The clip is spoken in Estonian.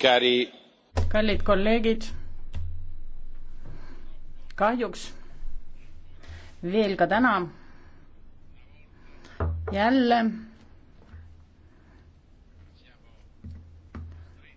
Kari. kallid kolleegid, kahjuks veel ka täna jälle